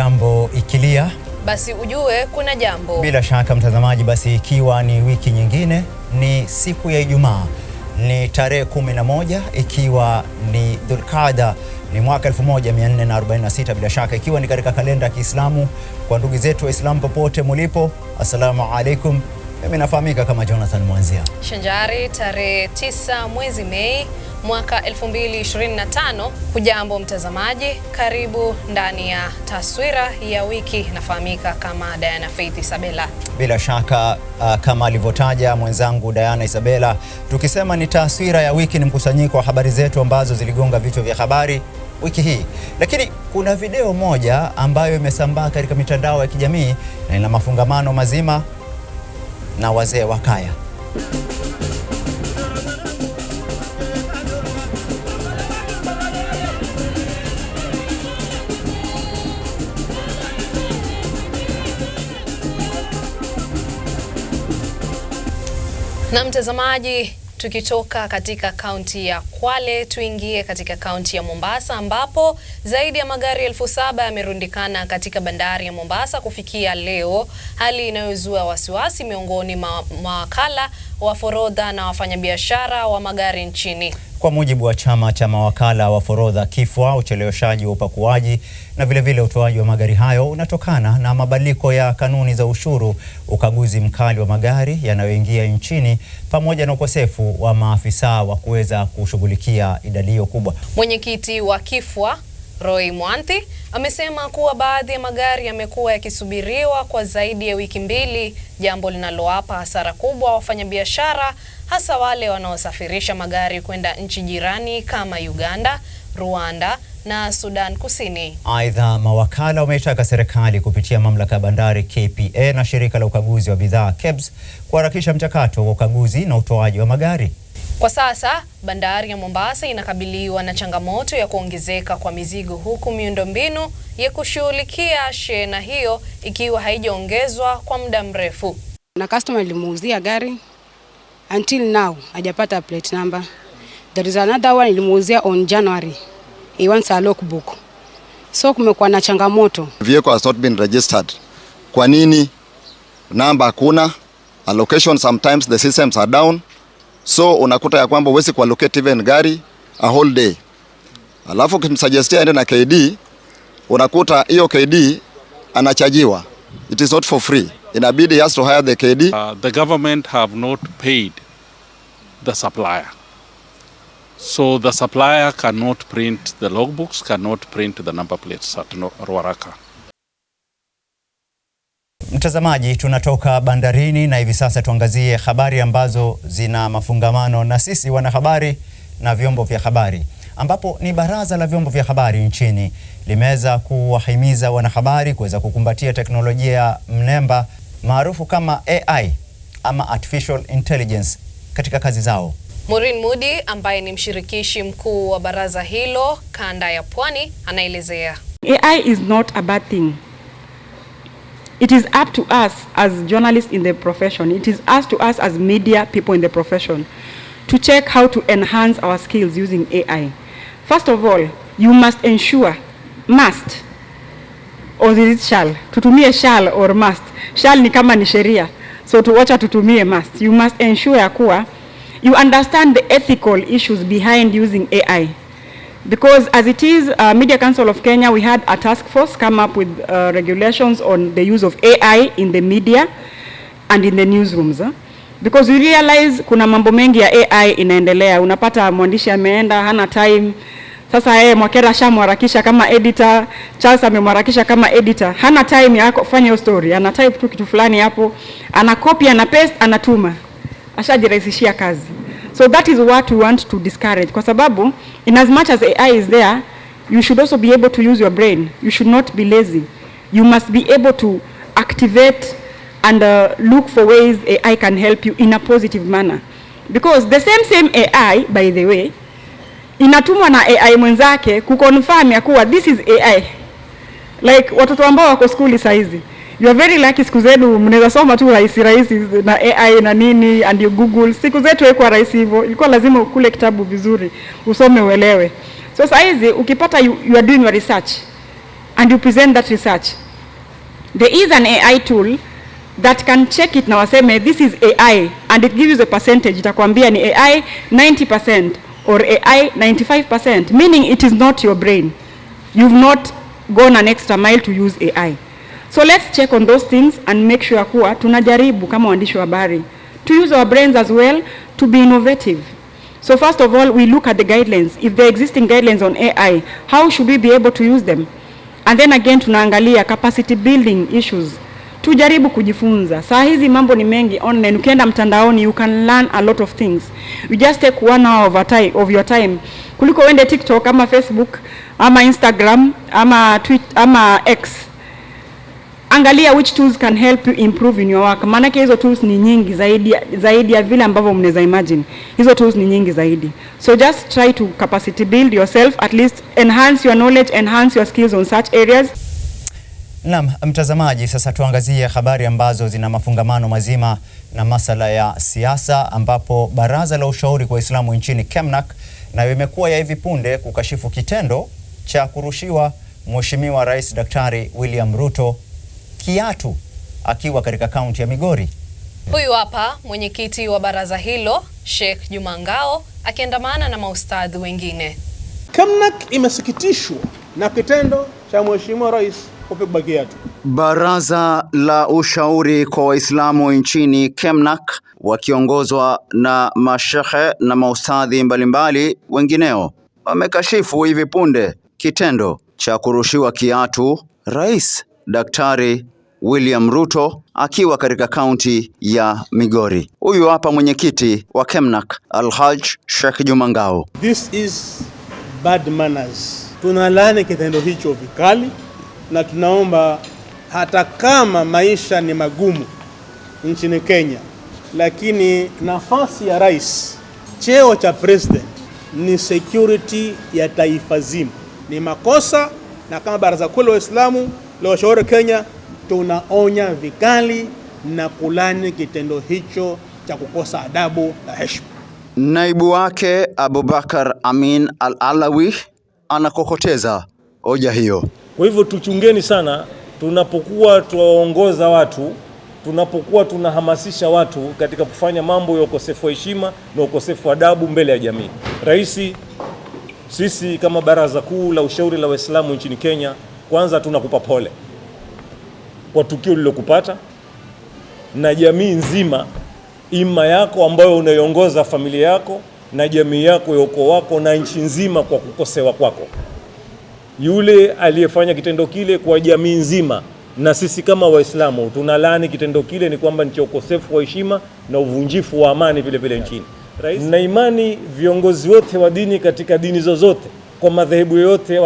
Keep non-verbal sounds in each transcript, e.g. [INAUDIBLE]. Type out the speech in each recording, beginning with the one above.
jambo ikilia basi ujue kuna jambo. Bila shaka mtazamaji, basi ikiwa ni wiki nyingine, ni siku ya Ijumaa, ni tarehe 11 ikiwa ni Dhulqaada ni mwaka 1446 bila shaka, ikiwa ni katika kalenda ya Kiislamu. Kwa ndugu zetu Waislamu popote mulipo, assalamu alaikum mimi nafahamika kama Jonathan Mwanzia. Shanjari, tarehe 9 mwezi Mei mwaka 2025. Hujambo mtazamaji, karibu ndani ya taswira ya wiki. Nafahamika kama Diana Faith Isabella. Bila shaka uh, kama alivyotaja mwenzangu Diana Isabella, tukisema ni taswira ya wiki, ni mkusanyiko wa habari zetu ambazo ziligonga vichwa vya habari wiki hii, lakini kuna video moja ambayo imesambaa katika mitandao ya kijamii na ina mafungamano mazima na wazee wa kaya. Na mtazamaji Tukitoka katika kaunti ya Kwale tuingie katika kaunti ya Mombasa ambapo zaidi ya magari elfu saba yamerundikana katika bandari ya Mombasa kufikia leo, hali inayozua wasiwasi miongoni mwa mawakala wa forodha na wafanyabiashara wa magari nchini. Kwa mujibu wa chama cha mawakala wa forodha KIFWA, ucheleweshaji wa upakuaji na vilevile utoaji wa magari hayo unatokana na mabadiliko ya kanuni za ushuru, ukaguzi mkali wa magari yanayoingia nchini, pamoja na ukosefu wa maafisa wa kuweza kushughulikia idadi hiyo kubwa. Mwenyekiti wa KIFWA Roy Mwanti amesema kuwa baadhi ya magari yamekuwa yakisubiriwa kwa zaidi ya wiki mbili, jambo linalowapa hasara kubwa wafanyabiashara, hasa wale wanaosafirisha magari kwenda nchi jirani kama Uganda, Rwanda na Sudan Kusini. Aidha, mawakala wameitaka serikali kupitia mamlaka ya bandari KPA na shirika la ukaguzi wa bidhaa KEBS kuharakisha mchakato wa ukaguzi na utoaji wa magari. Kwa sasa bandari ya Mombasa inakabiliwa na changamoto ya kuongezeka kwa mizigo huku miundombinu ya kushughulikia shehena hiyo ikiwa haijaongezwa kwa muda mrefu. Na customer ilimuuzia gari until now hajapata plate number. There is another one ilimuuzia on January. He wants a logbook. So kumekuwa na changamoto. Vehicle has not been registered. Kwa nini? Namba hakuna. Allocation sometimes the systems are down. So unakuta ya kwamba huwezi kuallocate even gari a whole day. Alafu kimsuggestia aende na KD unakuta hiyo KD anachajiwa. It is not for free. Inabidi he has to hire the KD. Uh, the government have not paid the supplier. So the supplier cannot print the logbooks, cannot print the number plates at Ruaraka. Mtazamaji, tunatoka bandarini na hivi sasa tuangazie habari ambazo zina mafungamano na sisi wanahabari na vyombo vya habari, ambapo ni Baraza la Vyombo vya Habari nchini limeweza kuwahimiza wanahabari kuweza kukumbatia teknolojia mnemba maarufu kama AI ama artificial intelligence katika kazi zao. Maureen Mudi ambaye ni mshirikishi mkuu wa baraza hilo kanda ya Pwani anaelezea. AI is not a bad thing it is up to us as journalists in the profession, it is up to us as media people in the profession to check how to enhance our skills using AI. First of all, you must ensure must or is it shall? Tutumie shall or must. Shall ni kama ni sheria, so tuwacha tutumie must. You must ensure kuwa you understand the ethical issues behind using AI because as it is uh, Media Council of Kenya we had a task force come up with uh, regulations on the use of AI in the media and in the newsrooms huh? because we realize kuna mambo mengi ya AI inaendelea. Unapata mwandishi ameenda hana time sasa yeye Mwakera shamwarakisha kama editor, Charles amemwarakisha kama editor, hana time ya kufanya hiyo story, ana type tu kitu fulani hapo, ana copy, ana paste, anatuma, ashajirahisishia kazi. So that is what we want to discourage kwa sababu in as much as AI is there you should also be able to use your brain. You should not be lazy. You must be able to activate and uh, look for ways AI can help you in a positive manner. Because the same same AI by the way inatumwa na AI mwenzake kuconfirm ya kuwa this is AI. Like watoto ambao wako skuli saa hizi you are very lucky. Siku zenu mnaweza soma tu rahisi rahisi na AI na nini and you Google. Siku zetu haikuwa rahisi hivyo, ilikuwa lazima ukule kitabu vizuri usome uelewe. So sasa hizi ukipata you, you are doing your research and you present that research, there is an AI tool that can check it na waseme this is AI and it gives you the percentage, itakwambia ni AI 90% or AI 95%, meaning it is not your brain. You've not gone an extra mile to use AI. So let's check on those things and make sure kuwa tunajaribu kama waandishi wa habari to use our brains as well to be innovative. So first of all, we look at the guidelines. If there are existing guidelines on AI, how should we be able to use them? And then again, tunaangalia capacity building issues. Tujaribu kujifunza. Saa hizi mambo ni mengi online. Ukienda mtandaoni, you can learn a lot of things. You just take one hour of, a time, of your time kuliko uende TikTok ama Facebook ama Instagram ama Twitter ama X angalia which tools can help you improve in your work, Maana hizo tools ni nyingi zaidi, zaidi ya vile ambavyo mnaweza imagine. Hizo tools ni nyingi zaidi, so just try to capacity build yourself at least enhance your knowledge, enhance your skills on such areas. Naam, mtazamaji, sasa tuangazie habari ambazo zina mafungamano mazima na masala ya siasa, ambapo Baraza la Ushauri kwa Waislamu nchini Kemnak nayo imekuwa ya hivi punde kukashifu kitendo cha kurushiwa Mheshimiwa Rais Daktari William Ruto kiatu akiwa katika kaunti ya Migori. Huyu hapa mwenyekiti wa baraza hilo Sheikh Juma Ngao akiandamana na maustadhi wengine. Kamnak imesikitishwa na kitendo cha Mheshimiwa Rais kupigwa kiatu. Baraza la ushauri kwa Waislamu nchini Kemnak wakiongozwa na mashehe na maustadhi mbalimbali wengineo wamekashifu hivi punde kitendo cha kurushiwa kiatu rais Daktari William Ruto akiwa katika kaunti ya Migori. Huyu hapa mwenyekiti wa Kemnak Alhaj Sheikh Juma Ngao. This is bad manners. Tunalani kitendo hicho vikali na tunaomba hata kama maisha ni magumu nchini Kenya, lakini nafasi ya rais, cheo cha president ni security ya taifa zima. Ni makosa na kama Baraza Kuu la Waislamu shauri Kenya tunaonya vikali na kulani kitendo hicho cha kukosa adabu na heshima. Naibu wake Abubakar Amin Al-Alawi anakokoteza hoja hiyo. Kwa hivyo tuchungeni sana tunapokuwa tuwaongoza watu, tunapokuwa tunahamasisha watu katika kufanya mambo ya ukosefu wa heshima na ukosefu wa adabu mbele ya jamii. Rais, sisi kama Baraza Kuu la Ushauri la Waislamu nchini Kenya kwanza tunakupa pole kwa tukio lilokupata na jamii nzima, ima yako ambayo unaiongoza familia yako na jamii yako ya ukoo wako na nchi nzima, kwa kukosewa kwako. Yule aliyefanya kitendo kile kwa jamii nzima na sisi kama Waislamu tunalaani kitendo kile, ni kwamba ni cha ukosefu wa heshima na uvunjifu wa amani vile vile nchini. Na imani viongozi wote wa dini katika dini zozote kwa madhehebu yote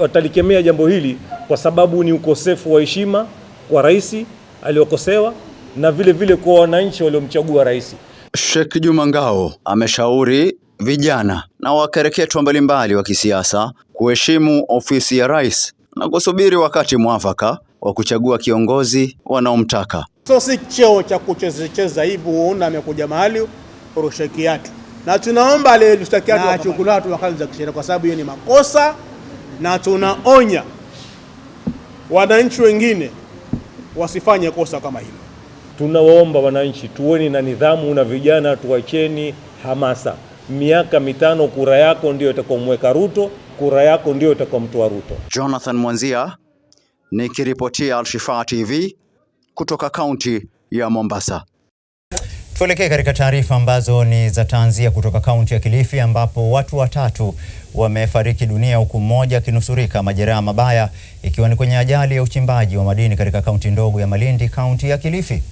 watalikemea jambo hili kwa sababu ni ukosefu wa heshima kwa rais aliyokosewa na vile vile kwa wananchi waliomchagua rais. Sheikh Juma Ngao ameshauri vijana na wakereketwa mbalimbali wa kisiasa kuheshimu ofisi ya rais na kusubiri wakati mwafaka wa kuchagua kiongozi wanaomtaka. So si cheo cha kuchezecheza hivi, uona amekuja mahali urusheki na tunaomba aliyeshtakia na achukuliwe hatua kali za kisheria, kwa sababu hiyo ni makosa, na tunaonya wananchi wengine wasifanye kosa kama hilo. Tunawaomba wananchi tuweni na nidhamu na vijana tuwacheni hamasa. Miaka mitano kura yako ndio itakomweka Ruto, kura yako ndio itakomtoa Ruto. Jonathan Mwanzia nikiripotia Alshifa TV kutoka kaunti ya Mombasa. Tuelekee katika taarifa ambazo ni za tanzia kutoka kaunti ya Kilifi ambapo watu watatu wamefariki dunia huku mmoja akinusurika majeraha mabaya ikiwa ni kwenye ajali ya uchimbaji wa madini katika kaunti ndogo ya Malindi, kaunti ya Kilifi.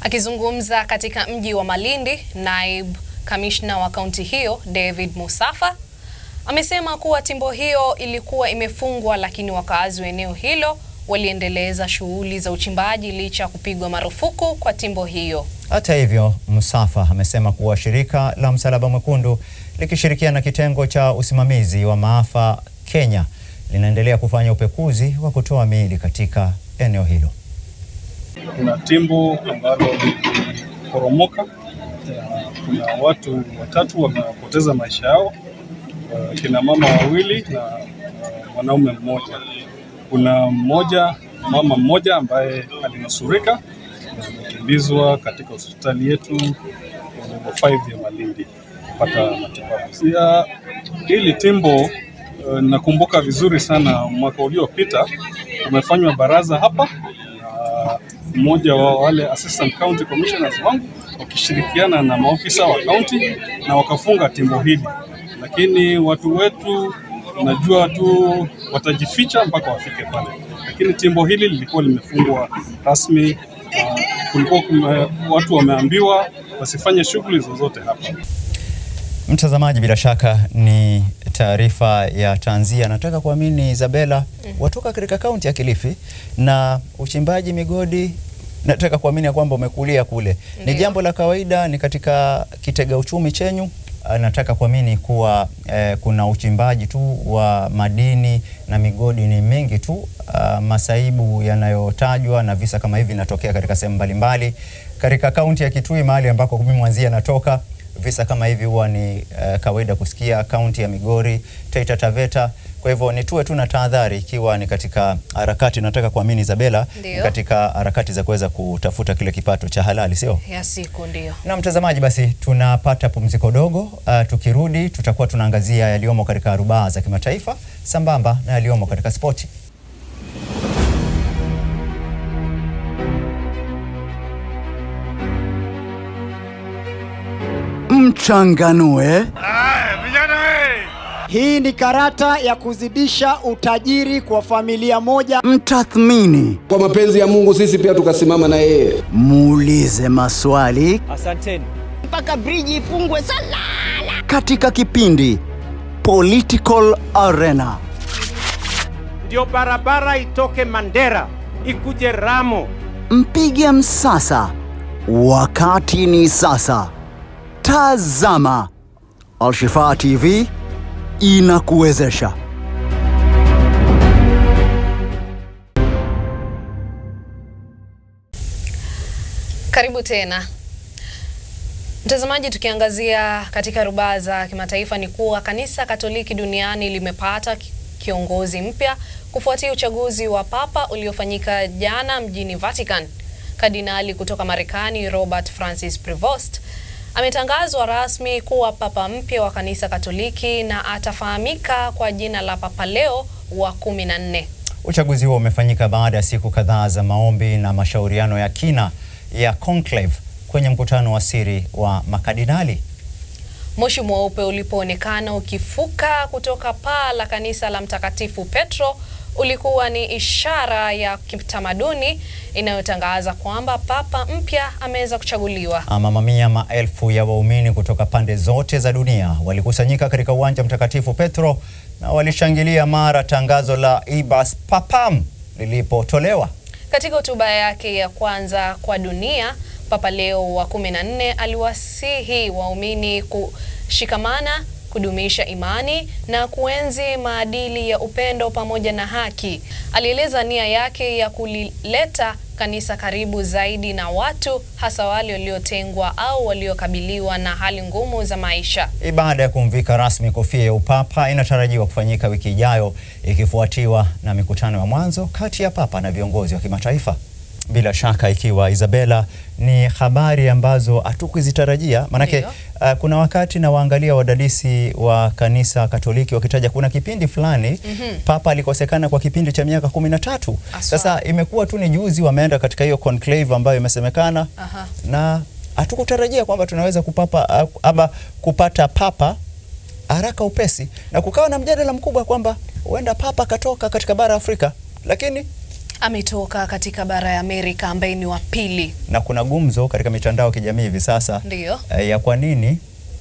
Akizungumza katika mji wa Malindi, naibu kamishna wa kaunti hiyo David Musafa amesema kuwa timbo hiyo ilikuwa imefungwa, lakini wakaazi wa eneo hilo waliendeleza shughuli za uchimbaji licha ya kupigwa marufuku kwa timbo hiyo. Hata hivyo, musafa amesema kuwa shirika la Msalaba Mwekundu likishirikiana na kitengo cha usimamizi wa maafa Kenya linaendelea kufanya upekuzi wa kutoa miili katika eneo hilo. Kuna timbo ambalo liliporomoka. Kuna watu watatu wamepoteza maisha yao, uh, kina mama wawili na uh, mwanaume mmoja. Kuna mmoja mama mmoja ambaye alinusurika amekimbizwa katika hospitali yetu level 5 ya Malindi kupata matibabu ya hili timbo. Eh, nakumbuka vizuri sana mwaka uliopita umefanywa baraza hapa na mmoja wa wale assistant county commissioners wangu wakishirikiana na maofisa wa county na wakafunga timbo hili, lakini watu wetu unajua tu watajificha mpaka wafike pale, lakini timbo hili lilikuwa limefungwa rasmi. Uh, kulikuwa kume, watu wameambiwa wasifanye shughuli zozote hapa. Mtazamaji, bila shaka ni taarifa ya tanzia. Nataka kuamini Isabella, mm. watoka katika kaunti ya Kilifi na uchimbaji migodi nataka kuamini ya kwamba umekulia kule, ni jambo la kawaida, ni katika kitega uchumi chenyu. Eh, nataka kuamini kuwa eh, kuna uchimbaji tu wa madini na migodi ni mingi tu. Uh, masaibu yanayotajwa na visa kama hivi vinatokea katika sehemu mbalimbali katika kaunti ya Kitui, mahali ambako mimi mwanzia natoka. Visa kama hivi huwa ni uh, kawaida kusikia. Kaunti ya Migori, Taita Taveta kwa hivyo nitue tu na tahadhari, ikiwa ni katika harakati, nataka kuamini Isabella, ni katika harakati za kuweza kutafuta kile kipato cha halali, sio ya siku. Ndio na mtazamaji, basi tunapata pumziko dogo. Uh, tukirudi tutakuwa tunaangazia yaliyomo katika rubaa za kimataifa sambamba na yaliyomo katika spoti. Mchanganue hii ni karata ya kuzidisha utajiri kwa familia moja. Mtathmini kwa mapenzi ya Mungu, sisi pia tukasimama na yeye, muulize maswali. Asanteni mpaka bridge ifungwe salala. Katika kipindi Political Arena, ndio barabara itoke Mandera ikuje Ramo. Mpige msasa, wakati ni sasa. Tazama Alshifa TV inakuwezesha. Karibu tena mtazamaji, tukiangazia katika rubaa za kimataifa ni kuwa kanisa Katoliki duniani limepata kiongozi mpya kufuatia uchaguzi wa papa uliofanyika jana mjini Vatican. Kardinali kutoka Marekani Robert Francis Prevost Ametangazwa rasmi kuwa papa mpya wa kanisa Katoliki na atafahamika kwa jina la Papa Leo wa kumi na nne. Uchaguzi huo umefanyika baada ya siku kadhaa za maombi na mashauriano ya kina ya conclave kwenye mkutano wa siri wa makadinali Moshi mweupe ulipoonekana ukifuka kutoka paa la kanisa la Mtakatifu Petro ulikuwa ni ishara ya kitamaduni inayotangaza kwamba papa mpya ameweza kuchaguliwa. Ama mamia maelfu ya waumini kutoka pande zote za dunia walikusanyika katika uwanja mtakatifu Petro na walishangilia mara tangazo la Ibas Papam lilipotolewa. Katika hotuba yake ya kwanza kwa dunia, Papa Leo wa 14 aliwasihi waumini kushikamana kudumisha imani na kuenzi maadili ya upendo pamoja na haki. Alieleza nia yake ya kulileta kanisa karibu zaidi na watu hasa wale waliotengwa au waliokabiliwa na hali ngumu za maisha. Ibada ya kumvika rasmi kofia ya upapa inatarajiwa kufanyika wiki ijayo ikifuatiwa na mikutano ya mwanzo kati ya papa na viongozi wa kimataifa. Bila shaka ikiwa Isabella, ni habari ambazo hatukuzitarajia maanake, uh, kuna wakati na waangalia wadadisi wa kanisa Katoliki wakitaja kuna kipindi fulani mm -hmm. Papa alikosekana kwa kipindi cha miaka kumi na tatu. Sasa imekuwa tu ni juzi wameenda katika hiyo conclave ambayo imesemekana na hatukutarajia kwamba tunaweza kupapa, uh, ama kupata papa haraka upesi, na kukawa na mjadala mkubwa kwamba huenda papa katoka katika bara Afrika, lakini ametoka katika bara ya Amerika ambaye ni wa pili, na kuna gumzo katika mitandao ya kijamii hivi sasa ndio eh, ya kwa nini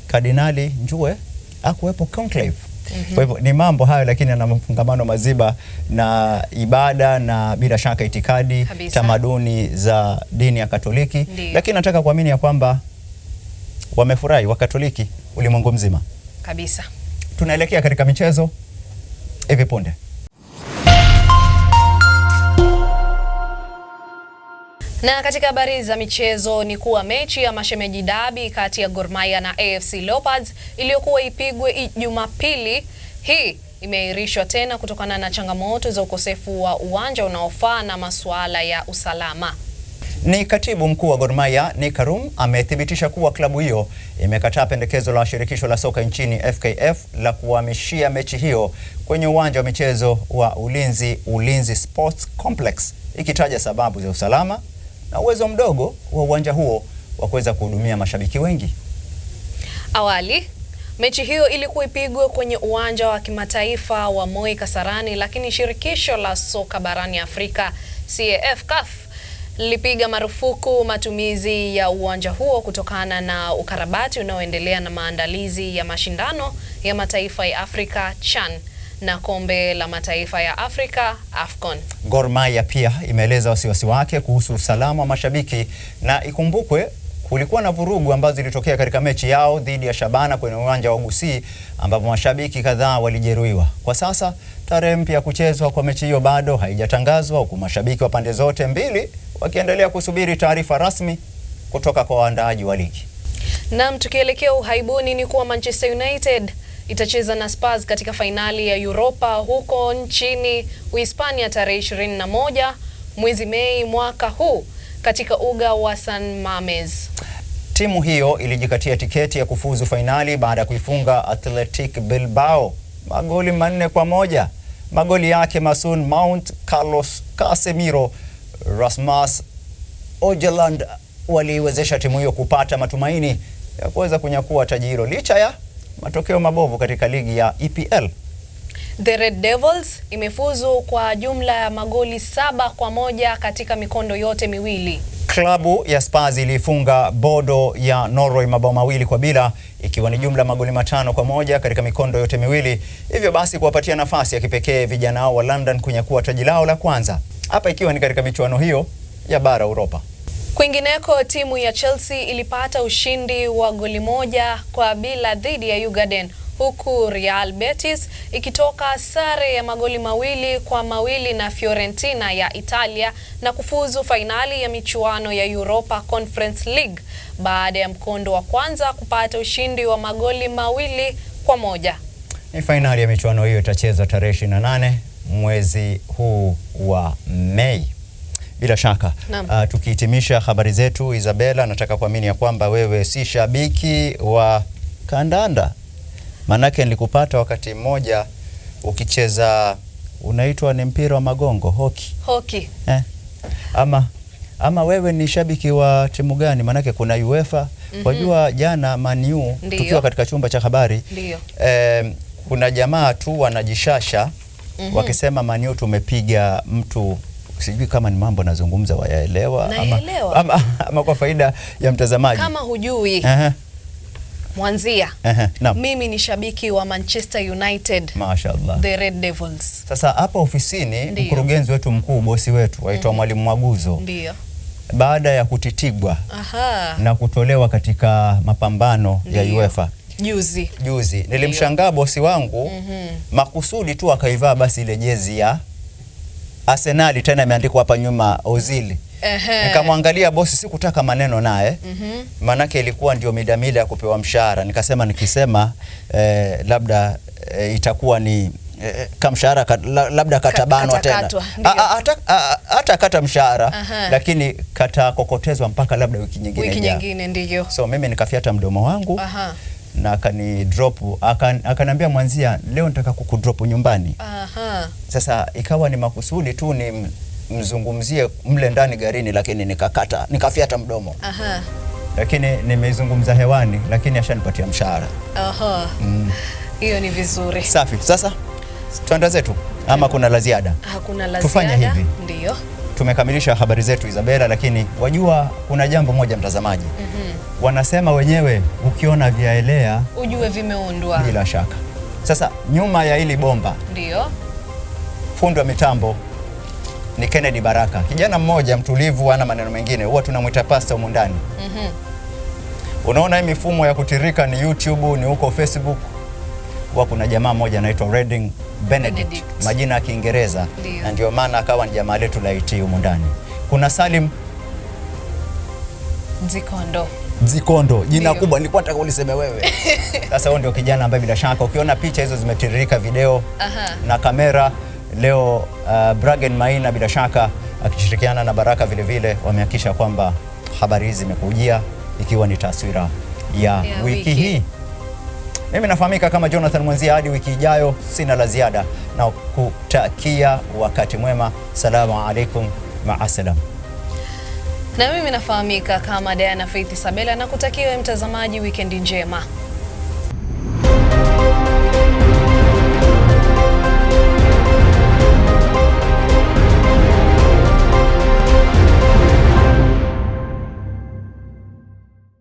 Kardinali Njue akuwepo conclave. Mm -hmm. Kwa hivyo ni mambo hayo, lakini ana mafungamano maziba na ibada na bila shaka itikadi Habisa. tamaduni za dini ya Katoliki Ndiyo. Lakini nataka kuamini ya kwamba wamefurahi Wakatoliki ulimwengu mzima kabisa. Tunaelekea katika michezo hivi punde. Na katika habari za michezo ni kuwa mechi ya mashemeji dabi kati ya Gor Mahia na AFC Leopards iliyokuwa ipigwe Jumapili hii imeahirishwa tena kutokana na changamoto za ukosefu wa uwanja unaofaa na masuala ya usalama. Ni katibu mkuu wa Gor Mahia Nick Karum amethibitisha kuwa klabu hiyo imekataa pendekezo la shirikisho la soka nchini FKF la kuhamishia mechi hiyo kwenye uwanja wa michezo wa Ulinzi Ulinzi Sports Complex ikitaja sababu za usalama na uwezo mdogo wa uwanja huo wa kuweza kuhudumia mashabiki wengi. Awali mechi hiyo ilikuwa ipigwe kwenye uwanja wa kimataifa wa Moi Kasarani, lakini shirikisho la soka barani Afrika CAF CAF lilipiga marufuku matumizi ya uwanja huo kutokana na ukarabati unaoendelea na maandalizi ya mashindano ya mataifa ya Afrika CHAN na kombe la mataifa ya Afrika AFCON. Gor Mahia pia imeeleza wasiwasi wake kuhusu usalama wa mashabiki na ikumbukwe kulikuwa na vurugu ambazo zilitokea katika mechi yao dhidi ya Shabana kwenye uwanja wa Gusii ambapo mashabiki kadhaa walijeruhiwa. Kwa sasa tarehe mpya ya kuchezwa kwa mechi hiyo bado haijatangazwa huku mashabiki wa pande zote mbili wakiendelea kusubiri taarifa rasmi kutoka kwa waandaaji wa ligi. Naam, tukielekea uhaibuni ni kuwa Manchester United itacheza na Spurs katika fainali ya Europa huko nchini Uhispania tarehe 21 mwezi Mei mwaka huu katika uga wa San Mames. Timu hiyo ilijikatia tiketi ya kufuzu fainali baada ya kuifunga Athletic Bilbao magoli manne kwa moja. Magoli yake Mason Mount, Carlos Casemiro, Rasmus Ojeland waliiwezesha timu hiyo kupata matumaini ya kuweza kunyakua taji hilo licha ya matokeo mabovu katika ligi ya EPL. The Red Devils imefuzu kwa jumla ya magoli saba kwa moja katika mikondo yote miwili. Klabu ya Spurs iliifunga Bodo ya Norway mabao mawili kwa bila ikiwa ni jumla magoli matano kwa moja katika mikondo yote miwili, hivyo basi kuwapatia nafasi ya kipekee vijana wa London kunyakua taji lao la kwanza, hapa ikiwa ni katika michuano hiyo ya bara Europa. Kwingineko, timu ya Chelsea ilipata ushindi wa goli moja kwa bila dhidi ya Ugarden huku Real Betis ikitoka sare ya magoli mawili kwa mawili na Fiorentina ya Italia na kufuzu fainali ya michuano ya Europa Conference League baada ya mkondo wa kwanza kupata ushindi wa magoli mawili kwa moja. Ni fainali ya michuano hiyo itachezwa tarehe 28 mwezi huu wa Mei bila shaka uh, tukihitimisha habari zetu, Isabella, nataka kuamini ya kwamba wewe si shabiki wa kandanda, maanake nilikupata wakati mmoja ukicheza unaitwa ni mpira wa magongo hoki, hoki. Eh, ama, ama wewe ni shabiki wa timu gani? Maanake kuna UEFA mm -hmm. jana Maniu tukiwa katika chumba cha habari eh, kuna jamaa tu wanajishasha mm -hmm. wakisema Maniu tumepiga mtu sijui kama ni mambo nazungumza wayaelewa ama, ama, ama kwa faida ya mtazamaji kama hujui uh -huh. Mwanzia uh -huh. no. Mimi ni shabiki wa Manchester United. Mashaallah. The Red Devils. Sasa hapa ofisini Mkurugenzi wetu mkuu bosi wetu aitwa mm -hmm. Mwalimu Mwaguzo Ndio. Baada ya kutitigwa Aha. na kutolewa katika mapambano Ndiyo. ya UEFA juzi juzi, nilimshangaa bosi wangu mm -hmm. makusudi tu akaivaa basi ile jezi ya Arsenal tena imeandikwa hapa nyuma Ozil. Nikamwangalia bosi, sikutaka maneno naye mm -hmm. Maanake ilikuwa ndio midamida ya kupewa mshahara, nikasema nikisema eh, labda eh, itakuwa ni eh, eh kamshahara kat, labda katabanwa tena hata kata mshahara lakini katakokotezwa mpaka labda wiki nyingine, wiki nyingine ndio. So mimi nikafiata mdomo wangu Aha na akani drop akaniambia mwanzia, leo nataka kukudrop nyumbani. Aha. Sasa ikawa ni makusudi tu ni mzungumzie mle ndani garini, lakini nikakata nikafyata mdomo. Aha. Lakini nimeizungumza hewani, lakini ashanipatia mshahara. Aha. Mm. Hiyo mm. ni vizuri. Safi. Sasa tuanda zetu ama kuna la ziada? Hakuna la ziada. Tufanye hivi. Ndio tumekamilisha habari zetu Isabela, lakini wajua kuna jambo moja mtazamaji, mm -hmm. Wanasema wenyewe ukiona vyaelea ujue vimeundwa. Bila shaka sasa nyuma ya hili bomba ndio fundi wa mitambo ni Kennedy Baraka, kijana mmoja mtulivu, ana maneno mengine, huwa tunamwita pasta humu ndani. mm -hmm. Unaona hii mifumo ya kutirika ni YouTube, ni huko Facebook kuwa kuna jamaa mmoja anaitwa Redding Benedict, Benedict, majina ya Kiingereza, na ndio maana akawa ni jamaa letu la IT humu ndani. Kuna Salim Zikondo Zikondo, jina Dio kubwa nilikuwa nataka uliseme wewe. [LAUGHS] Sasa huyo ndio kijana ambaye bila shaka ukiona picha hizo zimetiririka video Aha. na kamera leo uh, Bragen Maina bila shaka akishirikiana na Baraka vilevile wamehakikisha kwamba habari hizi zimekujia ikiwa ni taswira ya, ya wiki hii. Mimi nafahamika kama Jonathan Mwanzia, hadi wiki ijayo, sina la ziada na kutakia wakati mwema. Salamu alaikum, maasalam. Na mimi nafahamika kama Diana Faith Sabela na kutakia mtazamaji wikendi njema.